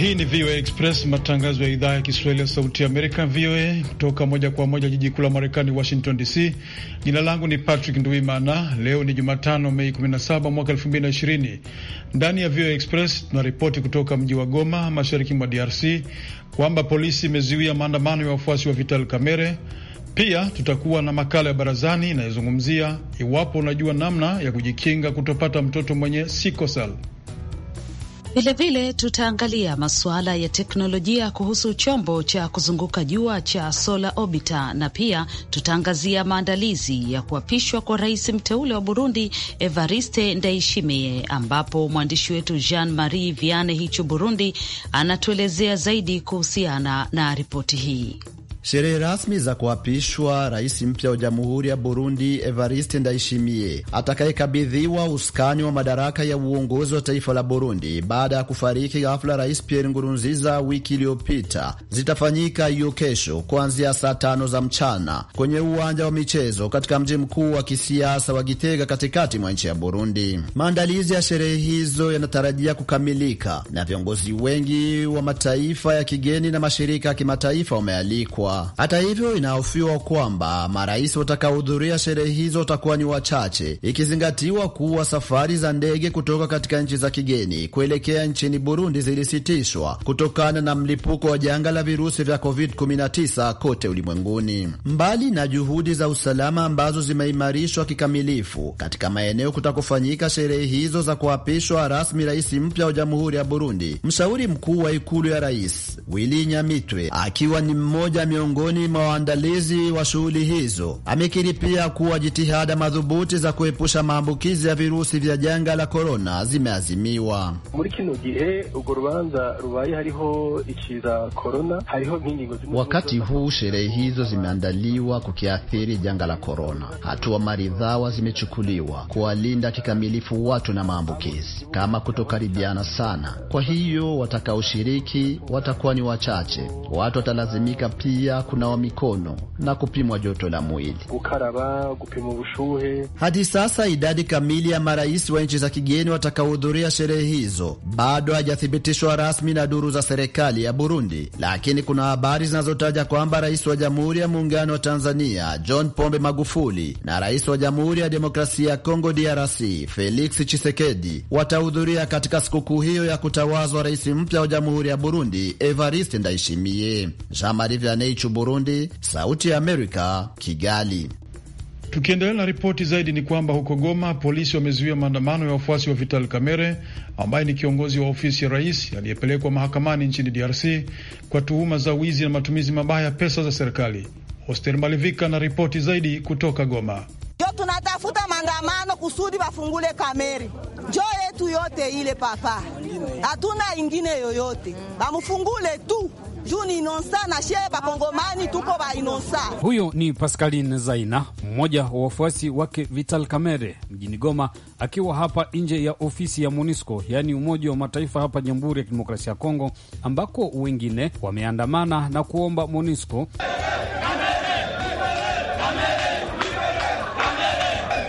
Hii ni VOA Express, matangazo ya idhaa ya Kiswahili ya Sauti ya Amerika, VOA, kutoka moja kwa moja jiji kuu la Marekani, Washington DC. Jina langu ni Patrick Nduimana. Leo ni Jumatano, Mei 17 mwaka 2020. Ndani ya VOA Express tunaripoti kutoka mji wa Goma, mashariki mwa DRC, kwamba polisi imezuia maandamano ya wafuasi wa Vital Kamere. Pia tutakuwa na makala ya barazani inayozungumzia iwapo unajua namna ya kujikinga kutopata mtoto mwenye sikosal. Vilevile tutaangalia masuala ya teknolojia kuhusu chombo cha kuzunguka jua cha Solar Orbiter, na pia tutaangazia maandalizi ya kuapishwa kwa rais mteule wa Burundi Evariste Ndayishimiye, ambapo mwandishi wetu Jean Marie Viane hicho Burundi anatuelezea zaidi kuhusiana na ripoti hii. Sherehe rasmi za kuapishwa rais mpya wa jamhuri ya Burundi, Evariste Ndayishimiye, atakayekabidhiwa usukani wa madaraka ya uongozi wa taifa la Burundi baada ya kufariki ghafla rais Pierre Nkurunziza wiki iliyopita, zitafanyika hiyo kesho kuanzia saa tano za mchana kwenye uwanja wa michezo katika mji mkuu wa kisiasa wa Gitega, katikati mwa nchi ya Burundi. Maandalizi ya sherehe hizo yanatarajia kukamilika na viongozi wengi wa mataifa ya kigeni na mashirika ya kimataifa wamealikwa. Hata hivyo, inahofiwa kwamba marais watakaohudhuria sherehe hizo watakuwa ni wachache, ikizingatiwa kuwa safari za ndege kutoka katika nchi za kigeni kuelekea nchini Burundi zilisitishwa kutokana na mlipuko wa janga la virusi vya COVID-19 kote ulimwenguni. Mbali na juhudi za usalama ambazo zimeimarishwa kikamilifu katika maeneo kutakofanyika sherehe hizo za kuapishwa rasmi rais mpya wa Jamhuri ya Burundi, mshauri mkuu wa ikulu ya rais Willy Nyamitwe akiwa ni mmoja miongoni miongoni mwa waandalizi wa shughuli hizo. Amekiri pia kuwa jitihada madhubuti za kuepusha maambukizi ya virusi vya janga la korona zimeazimiwa. Wakati huu sherehe hizo zimeandaliwa kukiathiri janga la korona. Hatua maridhawa zimechukuliwa kuwalinda kikamilifu watu na maambukizi, kama kutokaribiana sana. Kwa hiyo watakaoshiriki watakuwa ni wachache. Watu watalazimika pia kunawa mikono na kupimwa joto la mwili, kukaraba, kupimwa ushuhe. Hadi sasa idadi kamili ya marais wa nchi za kigeni watakaohudhuria sherehe hizo bado hajathibitishwa rasmi na duru za serikali ya Burundi, lakini kuna habari zinazotaja kwamba rais wa Jamhuri ya Muungano wa Tanzania John Pombe Magufuli na rais wa Jamhuri ya Demokrasia ya Kongo DRC Felix Chisekedi watahudhuria katika sikukuu hiyo ya kutawazwa rais mpya wa Jamhuri ya Burundi Evariste Ndayishimiye. Mobutu Burundi. Sauti ya Amerika, Kigali. Tukiendelea na ripoti zaidi ni kwamba huko Goma polisi wamezuia maandamano ya wafuasi wa Vital Kamerhe ambaye ni kiongozi wa ofisi ya rais aliyepelekwa mahakamani nchini DRC kwa tuhuma za wizi na matumizi mabaya ya pesa za serikali. Hoster Malivika na ripoti zaidi kutoka Goma. Jo, tunatafuta maandamano kusudi wafungule Kameri, jo yetu yote ile, papa hatuna ingine yoyote, bamfungule tu juu ni inonsa na bakongomani tuko ba inonsa. Huyo ni Pascaline Zaina, mmoja wa wafuasi wake Vital Kamere mjini Goma, akiwa hapa nje ya ofisi ya MONUSCO yaani Umoja wa Mataifa hapa Jamhuri ya Kidemokrasia ya Kongo, ambako wengine wameandamana na kuomba MONUSCO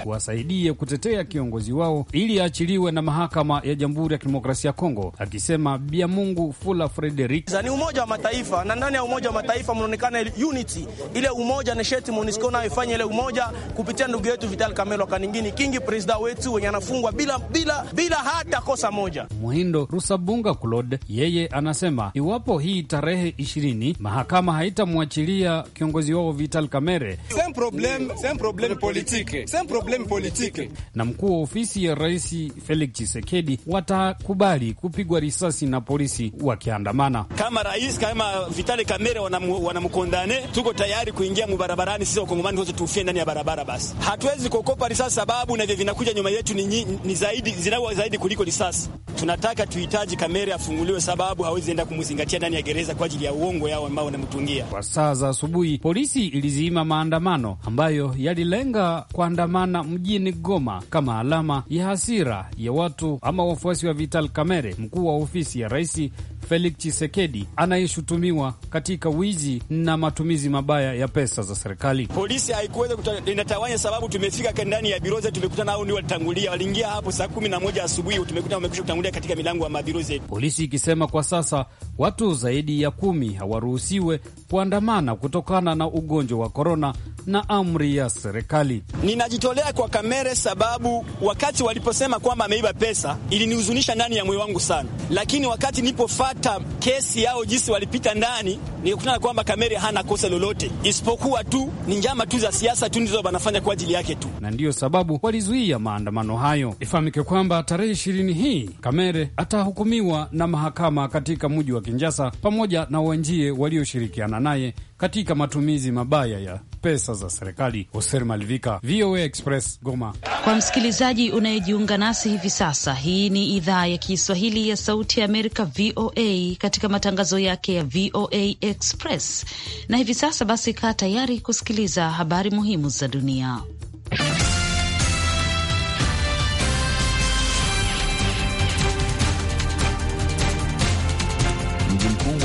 wasaidie kutetea kiongozi wao ili aachiliwe na mahakama ya Jamhuri ya Kidemokrasia ya Kongo, akisema Biamungu Fula Frederik. Ni Umoja wa Mataifa na ndani ya Umoja wa Mataifa mnaonekana unity ile umoja nesheti MONUSCO nayo ifanye ile umoja kupitia ndugu yetu Vital Kamelo Kaningini Kingi, presida wetu wenye anafungwa bila, bila, bila hata kosa moja. Muhindo Rusabunga Claude yeye anasema iwapo hii tarehe ishirini mahakama haitamwachilia kiongozi wao Vital Kamere, problem, problem politique, problem na mkuu wa ofisi ya Rais Felix Tshisekedi watakubali kupigwa risasi na polisi wakiandamana. Kama rais kama Vitali Kamere wanamkondane, tuko tayari kuingia mubarabarani. Sisi wakongomani wote tufie ndani ya barabara, basi hatuwezi kuokopa risasi, sababu navyo vinakuja nyuma yetu ni, ni zaidi zinaua zaidi kuliko risasi. Tunataka tuhitaji Kamere afunguliwe, sababu hawezi enda kumzingatia ndani ya gereza kwa ajili ya uongo yao ambao wanamtungia. Kwa saa za asubuhi, polisi iliziima maandamano ambayo yalilenga kuandamana mjini Goma kama alama ya hasira ya watu ama wafuasi wa Vital Kamerhe, mkuu wa ofisi ya rais Felix Chisekedi anayeshutumiwa katika wizi na matumizi mabaya ya pesa za serikali. Polisi haikuweza inatawanya, sababu tumefika ndani ya biro zetu, tumekutana hao ndio walitangulia, waliingia hapo saa kumi na moja asubuhi, tumekuta wamekwisha kutangulia katika milango ya mabiro zetu. Polisi ikisema kwa sasa watu zaidi ya kumi hawaruhusiwe kuandamana kutokana na ugonjwa wa korona na amri ya serikali. Ninajitolea kwa kamere, sababu wakati waliposema kwamba ameiba pesa ilinihuzunisha ndani ya moyo wangu sana, lakini wakati nilipofata hata kesi yao jinsi walipita ndani, nilikutana kwamba Kamere hana kosa lolote, isipokuwa tu ni njama tu za siasa tu ndizo wanafanya kwa ajili yake tu, na ndiyo sababu walizuia maandamano hayo. Ifahamike kwamba tarehe ishirini hii Kamere atahukumiwa na mahakama katika mji wa Kinjasa pamoja na wenjie walioshirikiana naye katika matumizi mabaya ya pesa za serikali. Hoser Malvika, VOA Express, Goma. Kwa msikilizaji unayejiunga nasi hivi sasa, hii ni idhaa ya Kiswahili ya Sauti ya Amerika, VOA, katika matangazo yake ya VOA Express. Na hivi sasa basi, kaa tayari kusikiliza habari muhimu za dunia.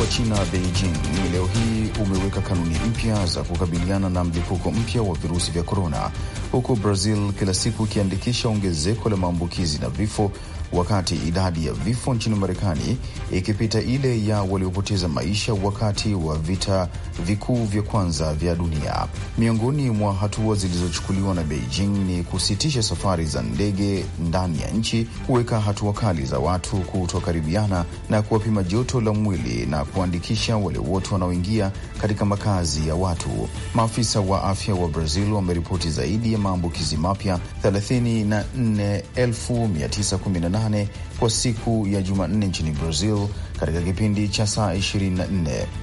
wa China Beijing ni leo hii umeweka kanuni mpya za kukabiliana na mlipuko mpya wa virusi vya korona, huku Brazil kila siku ikiandikisha ongezeko la maambukizi na vifo wakati idadi ya vifo nchini Marekani ikipita ile ya waliopoteza maisha wakati wa vita vikuu vya kwanza vya dunia. Miongoni mwa hatua zilizochukuliwa na Beijing ni kusitisha safari za ndege ndani ya nchi, kuweka hatua kali za watu kutokaribiana na kuwapima joto la mwili na kuandikisha wale wote wanaoingia katika makazi ya watu. Maafisa wa afya wa Brazil wameripoti zaidi ya maambukizi mapya 34,918 nane kwa siku ya Jumanne nchini Brazil katika kipindi cha saa 24.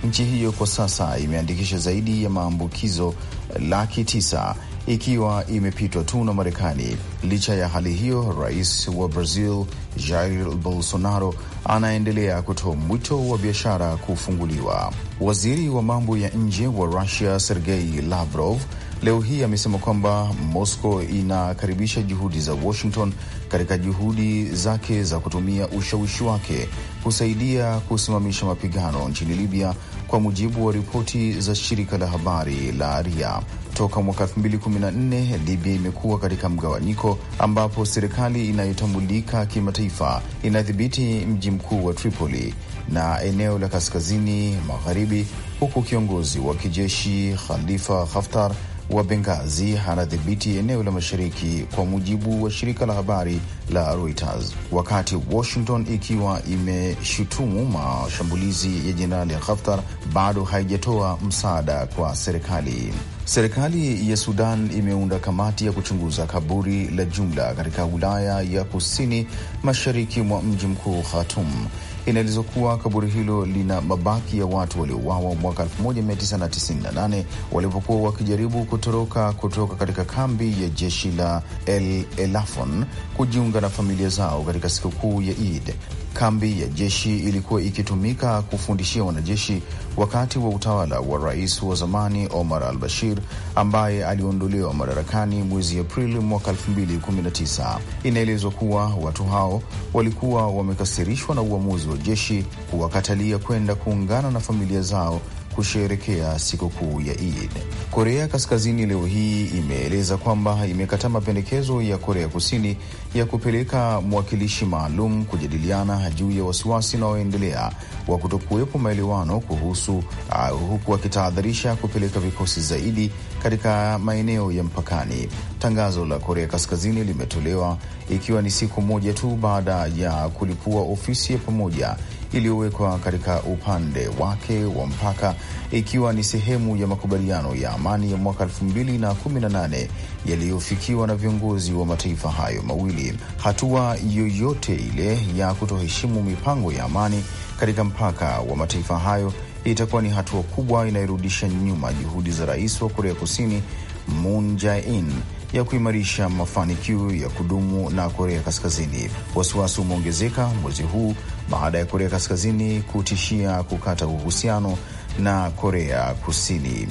Nchi hiyo kwa sasa imeandikisha zaidi ya maambukizo laki tisa ikiwa imepitwa tu na Marekani. Licha ya hali hiyo, rais wa Brazil Jair Bolsonaro anaendelea kutoa mwito wa biashara kufunguliwa. Waziri wa mambo ya nje wa Rusia Sergei Lavrov leo hii amesema kwamba Moscow inakaribisha juhudi za Washington katika juhudi zake za kutumia ushawishi wake kusaidia kusimamisha mapigano nchini Libya, kwa mujibu wa ripoti za shirika la habari la RIA. Toka mwaka 2014 Libya imekuwa katika mgawanyiko ambapo serikali inayotambulika kimataifa inadhibiti mji mkuu wa Tripoli na eneo la kaskazini magharibi, huku kiongozi wa kijeshi Khalifa Haftar wa Bengazi anadhibiti eneo la mashariki, kwa mujibu wa shirika la habari la Reuters, wakati Washington ikiwa imeshutumu mashambulizi ya Jenerali Haftar, bado haijatoa msaada kwa serikali. Serikali ya Sudan imeunda kamati ya kuchunguza kaburi la jumla katika wilaya ya kusini mashariki mwa mji mkuu Khartoum inaelezwa kuwa kaburi hilo lina mabaki ya watu waliouawa mwaka 1998 walipokuwa wakijaribu kutoroka kutoka katika kambi ya jeshi la El Elafon kujiunga na familia zao katika sikukuu ya Eid. Kambi ya jeshi ilikuwa ikitumika kufundishia wanajeshi wakati wa utawala wa rais wa zamani Omar al Bashir, ambaye aliondolewa madarakani mwezi Aprili mwaka 2019. Inaelezwa kuwa watu hao walikuwa wamekasirishwa na uamuzi wa jeshi kuwakatalia kwenda kuungana na familia zao kusherekea sikukuu ya Eid. Korea Kaskazini leo hii imeeleza kwamba imekataa mapendekezo ya Korea Kusini ya kupeleka mwakilishi maalum kujadiliana juu ya wasiwasi unaoendelea wa kutokuwepo maelewano kuhusu, uh, huku akitahadharisha kupeleka vikosi zaidi katika maeneo ya mpakani. Tangazo la Korea Kaskazini limetolewa ikiwa ni siku moja tu baada ya kulipua ofisi ya pamoja iliyowekwa katika upande wake wa mpaka ikiwa ni sehemu ya makubaliano ya amani ya mwaka 2018 yaliyofikiwa na viongozi wa mataifa hayo mawili. Hatua yoyote ile ya kutoheshimu mipango ya amani katika mpaka wa mataifa hayo itakuwa ni hatua kubwa inayorudisha nyuma juhudi za rais wa Korea Kusini Moon Jae-in ya kuimarisha mafanikio ya kudumu na Korea Kaskazini. Wasiwasi umeongezeka mwezi huu baada ya Korea Kaskazini kutishia kukata uhusiano na Korea Kusini.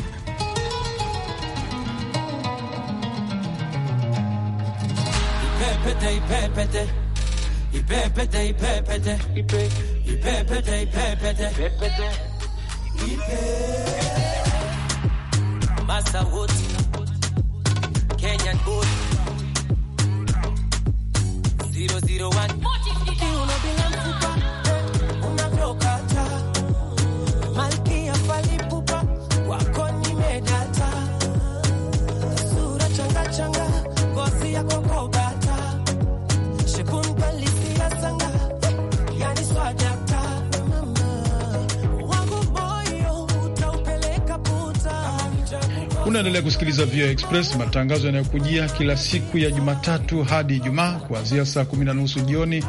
Unaendelea kusikiliza VOA Express, matangazo yanayokujia kila siku ya Jumatatu hadi Ijumaa kuanzia saa kumi na nusu jioni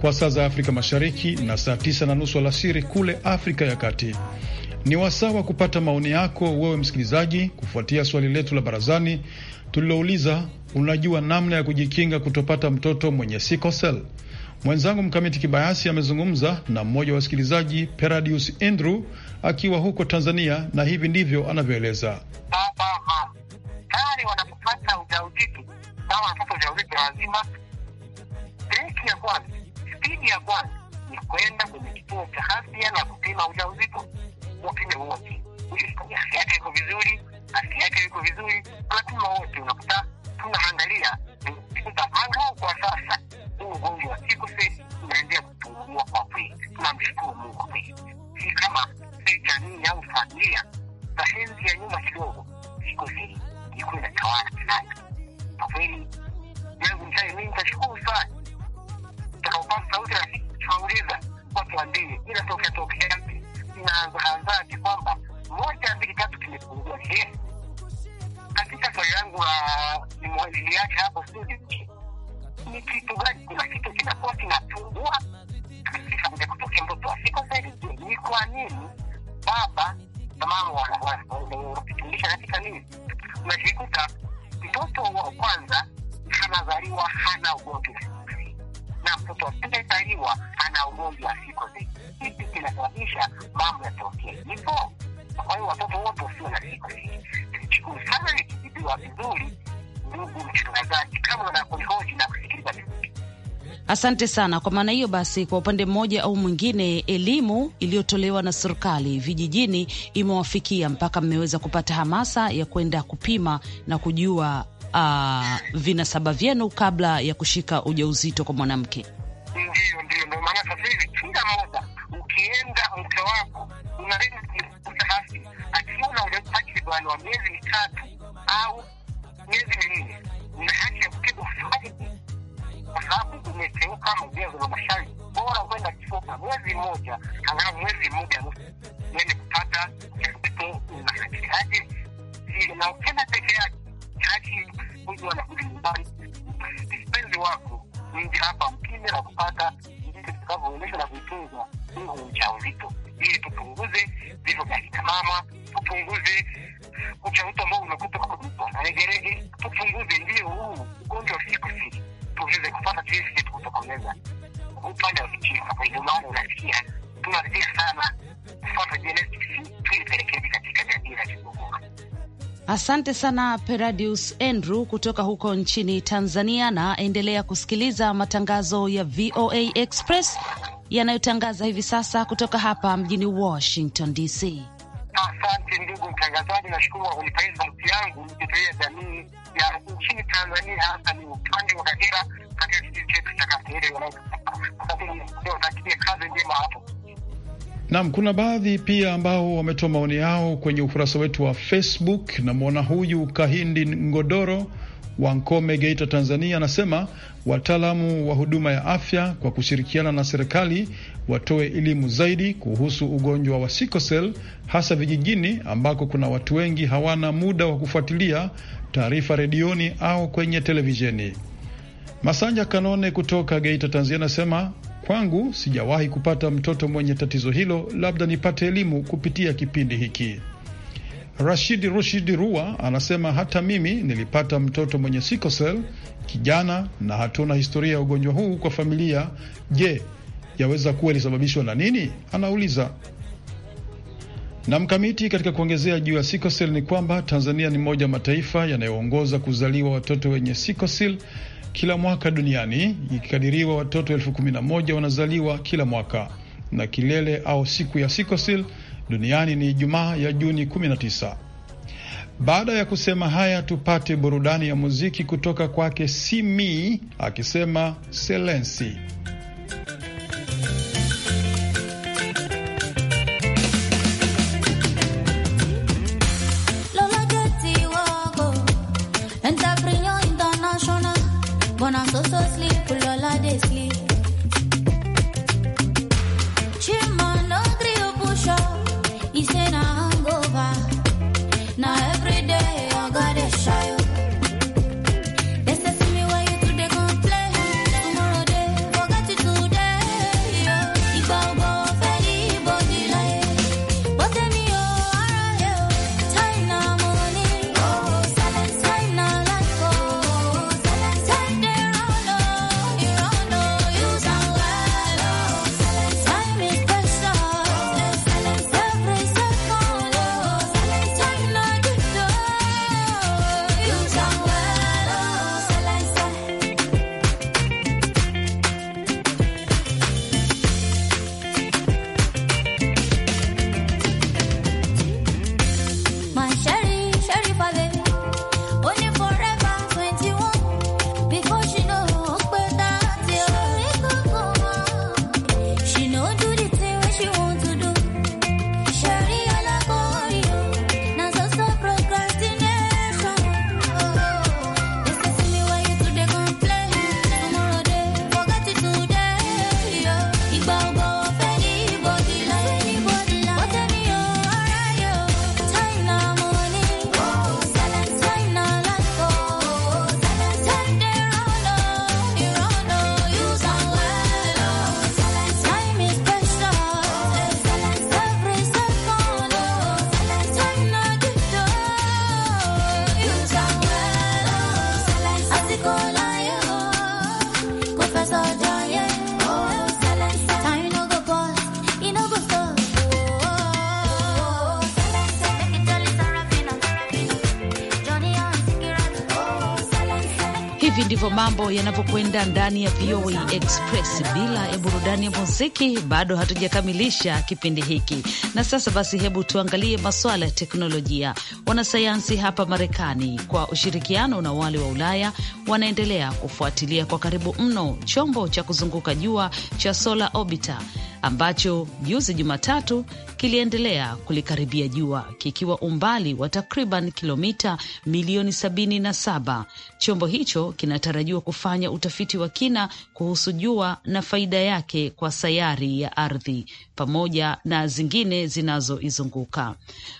kwa saa za Afrika Mashariki na saa tisa na nusu alasiri kule Afrika ya Kati. Ni wasaa wa kupata maoni yako wewe msikilizaji, kufuatia swali letu la barazani tulilouliza, unajua namna ya kujikinga kutopata mtoto mwenye sikosel? Mwenzangu Mkamiti Kibayasi amezungumza na mmoja wa wasikilizaji Peradius Andrew akiwa huko Tanzania, na hivi ndivyo anavyoeleza. Ah, pale wanapopata ujauzito kama wanapata ujauzito, lazima breki ya kwanza, spidi ya kwanza ni kwenda kwenye kituo cha afya na kupima ujauzito. na mtoto asiyezaliwa ana ugonjwa wa sickle cell. Hiki kinasababisha mambo yatokee hivyo. Kwa hiyo watoto wote wasio na sickle cell vijikuu sana vikitibiwa vizuri. Ndugu mtangazaji, kama unakunihoji na kusikiliza vizuri Asante sana. Kwa maana hiyo basi, kwa upande mmoja au mwingine, elimu iliyotolewa na serikali vijijini imewafikia mpaka mmeweza kupata hamasa ya kwenda kupima na kujua uh, vinasaba vyenu kabla ya kushika ujauzito kwa mwanamke? Ndio, ndio, ndio maana sasa hivi kila moja ukienda mke wako akiona ujauzito wa miezi mitatu au miezi minne, una haki ya kupiga mswaki kwa sababu umeteuka mgezo na mashari, bora kwenda kisoka mwezi mmoja angaa mwezi mmoja nusu, yani kupata ujauzito na haki yake na ukenda peke yake haki mtu anakukubali mpenzi wako mwingi hapa mpime na kupata jinsi tutakavyoonyesha na kuitunza huu ujauzito, ili tupunguze vifo vya kina mama, tupunguze ujauzito ambao unakuta kwa maregerege, tupunguze ndio huu ugonjwa wa siku tuweze kupata jinsi yetu upande wa kichina. Kwa hiyo maana unasikia tunazia sana kufuata genetics Asante sana Peradius Andrew kutoka huko nchini Tanzania, na endelea kusikiliza matangazo ya VOA Express yanayotangaza hivi sasa kutoka hapa mjini Washington DC. Asante ndugu mtangazaji, nashukuru kwa kunipa hizo sauti yangu nikitoia jamii ya nchini Tanzania, hasa ni upande wa Kagera ya kijiji chetu cha Kaserere. Asante, kazi njema hapo Nam, kuna baadhi pia ambao wametoa maoni yao kwenye ukurasa wetu wa Facebook. Namwona huyu Kahindi Ngodoro wa Nkome, Geita, Tanzania, anasema wataalamu wa huduma ya afya kwa kushirikiana na serikali watoe elimu zaidi kuhusu ugonjwa wa sikosel, hasa vijijini ambako kuna watu wengi hawana muda wa kufuatilia taarifa redioni au kwenye televisheni. Masanja Kanone kutoka Geita, Tanzania, anasema Kwangu sijawahi kupata mtoto mwenye tatizo hilo, labda nipate elimu kupitia kipindi hiki. Rashid Rushid Rua anasema hata mimi nilipata mtoto mwenye sikosel kijana, na hatuna historia ya ugonjwa huu kwa familia. Je, yaweza kuwa ilisababishwa na nini? Anauliza. Na mkamiti katika kuongezea juu ya sikosel ni kwamba Tanzania ni moja mataifa yanayoongoza kuzaliwa watoto wenye sikosel kila mwaka duniani, ikikadiriwa watoto elfu kumi na moja wanazaliwa kila mwaka, na kilele au siku ya sikosil duniani ni Ijumaa ya Juni 19. Baada ya kusema haya, tupate burudani ya muziki kutoka kwake Simi akisema Selensi. mambo yanapokwenda ndani ya VOA Express. Bila ya burudani ya muziki, bado hatujakamilisha kipindi hiki. Na sasa basi, hebu tuangalie masuala ya teknolojia. Wanasayansi hapa Marekani kwa ushirikiano na wale wa Ulaya wanaendelea kufuatilia kwa karibu mno chombo cha kuzunguka jua cha Solar Orbiter ambacho juzi Jumatatu kiliendelea kulikaribia jua kikiwa umbali wa takriban kilomita milioni sabini na saba. Chombo hicho kinatarajiwa kufanya utafiti wa kina kuhusu jua na faida yake kwa sayari ya ardhi pamoja na zingine zinazoizunguka.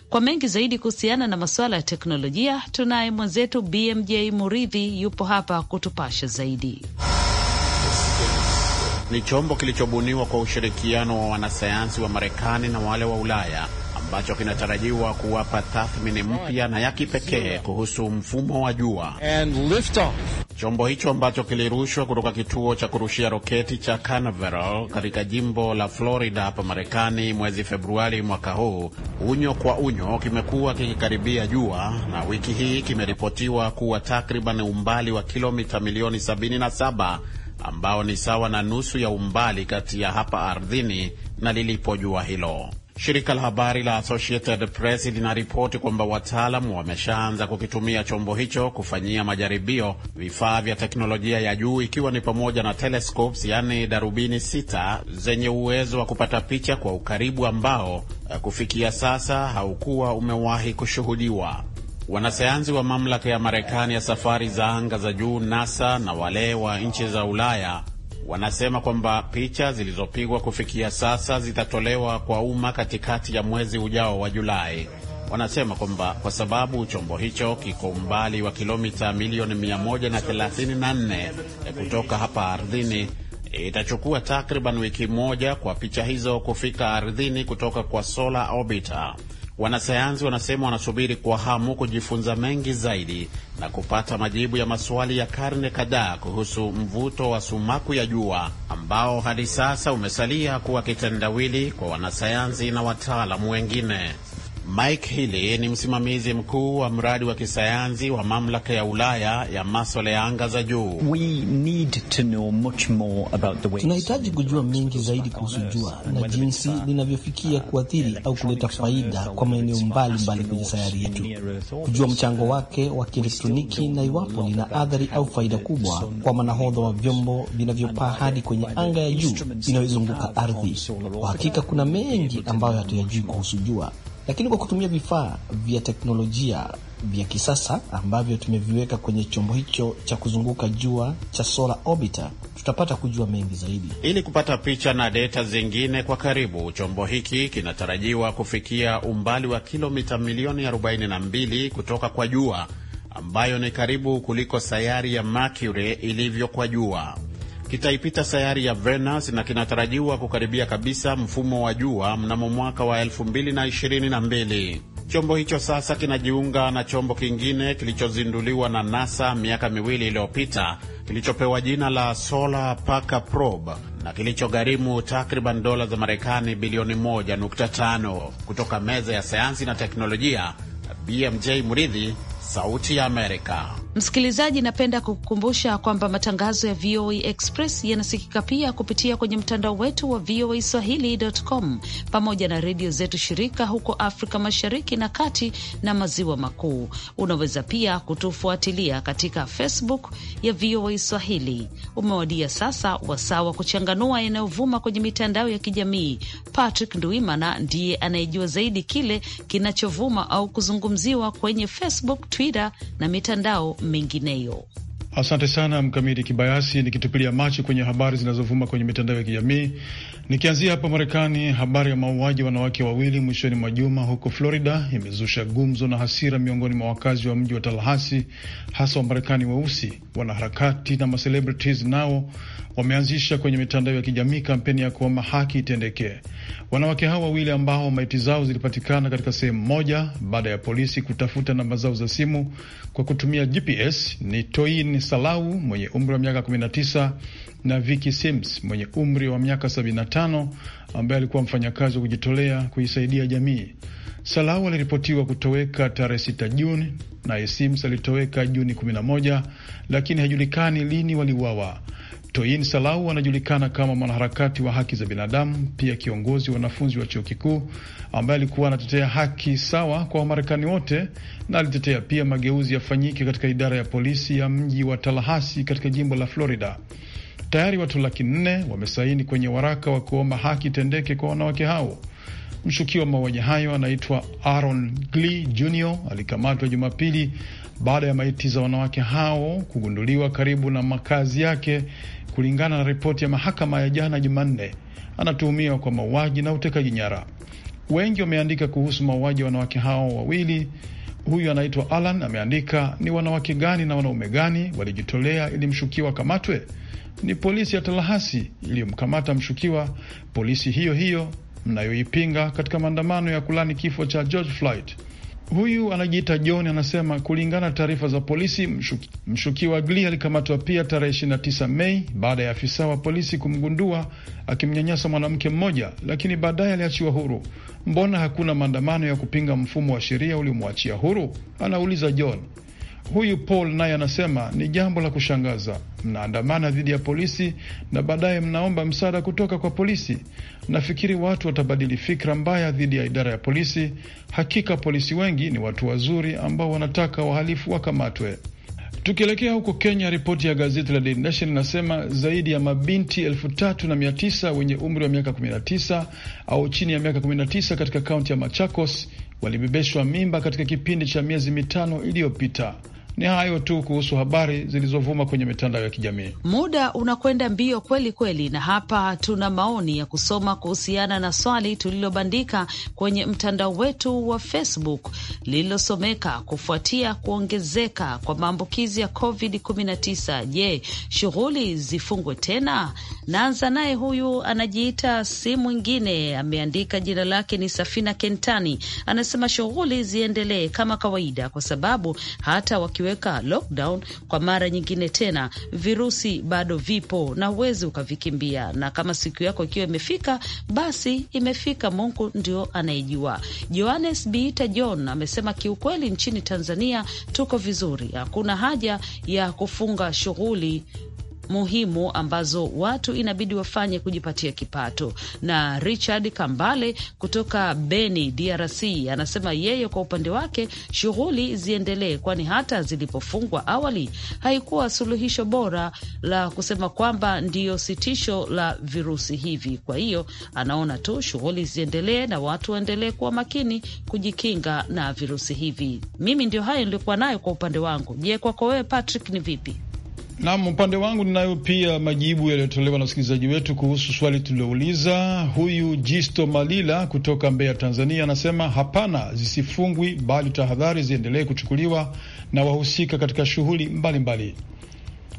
Kwa mengi zaidi kuhusiana na masuala ya teknolojia, tunaye mwenzetu BMJ Muridhi yupo hapa kutupasha zaidi ni chombo kilichobuniwa kwa ushirikiano wa wanasayansi wa Marekani na wale wa Ulaya ambacho kinatarajiwa kuwapa tathmini mpya na ya kipekee kuhusu mfumo wa jua. Chombo hicho ambacho kilirushwa kutoka kituo cha kurushia roketi cha Canaveral katika jimbo la Florida hapa Marekani mwezi Februari mwaka huu, unyo kwa unyo kimekuwa kikikaribia jua na wiki hii kimeripotiwa kuwa takriban umbali wa kilomita milioni 77 ambao ni sawa na nusu ya umbali kati ya hapa ardhini na lilipo jua hilo. Shirika la habari la Associated Press linaripoti kwamba wataalamu wameshaanza kukitumia chombo hicho kufanyia majaribio vifaa vya teknolojia ya juu ikiwa ni pamoja na telescopes, yaani darubini sita zenye uwezo wa kupata picha kwa ukaribu ambao eh, kufikia sasa haukuwa umewahi kushuhudiwa. Wanasayansi wa mamlaka ya Marekani ya safari za anga za juu NASA na wale wa nchi za Ulaya wanasema kwamba picha zilizopigwa kufikia sasa zitatolewa kwa umma katikati ya mwezi ujao wa Julai. Wanasema kwamba kwa sababu chombo hicho kiko umbali wa kilomita milioni 134 kutoka hapa ardhini, itachukua takriban wiki moja kwa picha hizo kufika ardhini kutoka kwa solar orbiter. Wanasayansi wanasema wanasubiri kwa hamu kujifunza mengi zaidi na kupata majibu ya maswali ya karne kadhaa kuhusu mvuto wa sumaku ya jua ambao hadi sasa umesalia kuwa kitendawili kwa wanasayansi na wataalamu wengine. Mike Healy ni msimamizi mkuu wa mradi wa kisayansi wa mamlaka ya Ulaya ya maswala ya anga za juu. Tunahitaji kujua mengi zaidi kuhusu jua na jinsi linavyofikia kuathiri au kuleta faida kwa maeneo mbalimbali kwenye sayari yetu, kujua mchango wake wa kielektroniki na iwapo lina athari au faida kubwa kwa manahodha wa vyombo vinavyopaa hadi kwenye anga ya juu inayozunguka ardhi. Kwa hakika kuna mengi ambayo hatuyajui kuhusu jua lakini kwa kutumia vifaa vya teknolojia vya kisasa ambavyo tumeviweka kwenye chombo hicho cha kuzunguka jua cha solar orbiter, tutapata kujua mengi zaidi. Ili kupata picha na data zingine kwa karibu, chombo hiki kinatarajiwa kufikia umbali wa kilomita milioni 42 kutoka kwa jua ambayo ni karibu kuliko sayari ya Mercury ilivyo kwa jua kitaipita sayari ya Venus na kinatarajiwa kukaribia kabisa mfumo wa jua mnamo mwaka wa 2022. Chombo hicho sasa kinajiunga na chombo kingine kilichozinduliwa na NASA miaka miwili iliyopita kilichopewa jina la Solar Paka Probe na kilichogharimu takriban dola za Marekani bilioni 1.5. Kutoka meza ya sayansi na teknolojia, BMJ Muridhi, Sauti ya Amerika. Msikilizaji, napenda kukukumbusha kwamba matangazo ya VOA Express yanasikika pia kupitia kwenye mtandao wetu wa VOA Swahili.com pamoja na redio zetu shirika huko Afrika Mashariki na Kati na Maziwa Makuu. Unaweza pia kutufuatilia katika Facebook ya VOA Swahili. Umewadia sasa wasaa wa kuchanganua yanayovuma kwenye mitandao ya kijamii. Patrick Nduimana ndiye anayejua zaidi kile kinachovuma au kuzungumziwa kwenye Facebook, Twitter na mitandao mengineyo. Asante sana Mkamiti Kibayasi. Nikitupilia macho kwenye habari zinazovuma kwenye mitandao ya kijamii, nikianzia hapa Marekani, habari ya mauaji wanawake wawili mwishoni mwa juma huko Florida imezusha gumzo na hasira miongoni mwa wakazi wa mji wa Tallahassee, hasa Wamarekani weusi. Wanaharakati na macelebrities nao wameanzisha kwenye mitandao ya kijamii kampeni ya kuomba haki itendekee. Wanawake hao wawili ambao maiti zao zilipatikana katika sehemu moja baada ya polisi kutafuta namba zao za simu kwa kutumia GPS ni toin Salau mwenye umri wa miaka 19 na Vicky Sims mwenye umri wa miaka 75 ambaye alikuwa mfanyakazi wa kujitolea kuisaidia jamii. Salau aliripotiwa kutoweka tarehe 6 Juni naye Sims alitoweka Juni 11, lakini hajulikani lini waliuawa. Toyin Salau anajulikana kama mwanaharakati wa haki za binadamu, pia kiongozi wa wanafunzi wa chuo kikuu ambaye alikuwa anatetea haki sawa kwa Wamarekani wote na alitetea pia mageuzi yafanyike katika idara ya polisi ya mji wa talahasi katika jimbo la Florida. Tayari watu laki nne wamesaini kwenye waraka wa kuomba haki tendeke kwa wanawake hao. Mshukiwa wa mauaji hayo anaitwa Aaron Glee Jr. alikamatwa Jumapili baada ya maiti za wanawake hao kugunduliwa karibu na makazi yake, kulingana na ripoti ya mahakama ya jana Jumanne. Anatuhumiwa kwa mauaji na utekaji nyara. Wengi wameandika kuhusu mauaji ya wanawake hao wawili. Huyu anaitwa Alan ameandika, ni wanawake gani na wanaume gani walijitolea ili mshukiwa kamatwe? Ni polisi ya Talahasi iliyomkamata mshukiwa, polisi hiyo hiyo mnayoipinga katika maandamano ya kulani kifo cha George Floyd. Huyu anajiita John anasema kulingana na taarifa za polisi, mshukiwa mshuki Gli alikamatwa pia tarehe 29 Mei baada ya afisa wa polisi kumgundua akimnyanyasa mwanamke mmoja, lakini baadaye aliachiwa huru. Mbona hakuna maandamano ya kupinga mfumo wa sheria uliomwachia huru? Anauliza John. Huyu Paul naye anasema ni jambo la kushangaza, mnaandamana dhidi ya polisi na baadaye mnaomba msaada kutoka kwa polisi. Nafikiri watu watabadili fikra mbaya dhidi ya idara ya polisi. Hakika polisi wengi ni watu wazuri ambao wanataka wahalifu wakamatwe. Tukielekea huko Kenya, ripoti ya gazeti la Daily Nation inasema zaidi ya mabinti elfu tatu na mia tisa wenye umri wa miaka 19 au chini ya miaka 19 katika kaunti ya Machakos walibebeshwa mimba katika kipindi cha miezi mitano iliyopita. Ni hayo tu kuhusu habari zilizovuma kwenye mitandao ya kijamii. Muda unakwenda mbio kweli kweli, na hapa tuna maoni ya kusoma kuhusiana na swali tulilobandika kwenye mtandao wetu wa Facebook lililosomeka kufuatia kuongezeka kwa maambukizi ya COVID-19, je, shughuli zifungwe tena? Naanza naye huyu anajiita si mwingine, ameandika jina lake ni Safina Kentani, anasema shughuli ziendelee kama kawaida kwa sababu hata waki ukiweka lockdown kwa mara nyingine tena, virusi bado vipo na huwezi ukavikimbia, na kama siku yako ikiwa imefika, basi imefika. Mungu ndio anayejua. Johannes Biita John amesema kiukweli, nchini Tanzania tuko vizuri, hakuna haja ya kufunga shughuli muhimu ambazo watu inabidi wafanye kujipatia kipato. Na Richard Kambale kutoka Beni, DRC, anasema yeye kwa upande wake shughuli ziendelee, kwani hata zilipofungwa awali haikuwa suluhisho bora la kusema kwamba ndiyo sitisho la virusi hivi. Kwa hiyo anaona tu shughuli ziendelee na watu waendelee kuwa makini kujikinga na virusi hivi. Mimi ndio hayo nilikuwa nayo kwa upande wangu. Je, kwako wewe Patrick ni vipi? Nam upande wangu ninayo pia majibu yaliyotolewa na wasikilizaji wetu kuhusu swali tulilouliza. Huyu Jisto Malila kutoka Mbeya, Tanzania, anasema hapana, zisifungwi bali tahadhari ziendelee kuchukuliwa na wahusika katika shughuli mbalimbali.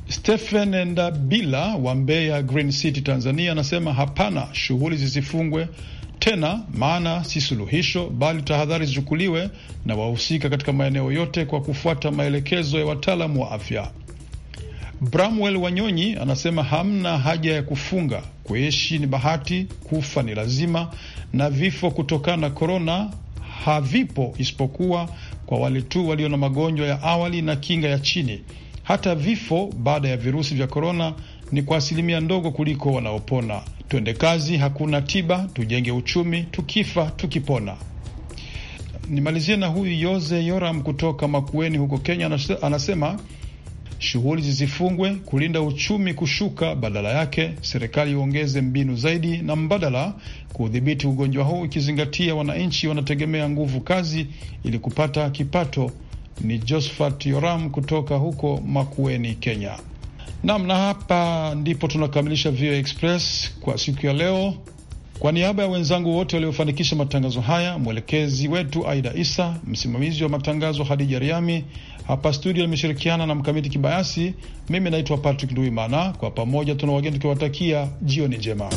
Stephen Ndabila wa Mbeya Green City, Tanzania, anasema hapana, shughuli zisifungwe tena, maana si suluhisho, bali tahadhari zichukuliwe na wahusika katika maeneo yote kwa kufuata maelekezo ya wataalamu wa afya. Bramwell Wanyonyi anasema hamna haja ya kufunga. Kuishi ni bahati, kufa ni lazima, na vifo kutokana na korona havipo isipokuwa kwa wale tu walio na magonjwa ya awali na kinga ya chini. Hata vifo baada ya virusi vya korona ni kwa asilimia ndogo kuliko wanaopona. Twende kazi, hakuna tiba, tujenge uchumi, tukifa tukipona. Nimalizie na huyu yose Yoram kutoka Makueni huko Kenya, anasema shughuli zisifungwe kulinda uchumi kushuka, badala yake serikali iongeze mbinu zaidi na mbadala kudhibiti ugonjwa huu, ikizingatia wananchi wanategemea nguvu kazi ili kupata kipato. Ni Josephat Yoram kutoka huko Makueni, Kenya. Nam, na hapa ndipo tunakamilisha VOA Express kwa siku ya leo. Kwa niaba ya wenzangu wote waliofanikisha matangazo haya, mwelekezi wetu Aida Isa, msimamizi wa matangazo Hadija Riami, hapa studio limeshirikiana na Mkamiti Kibayasi, mimi naitwa Patrick Nduimana. Kwa pamoja tuna wageni tukiwatakia jioni njema.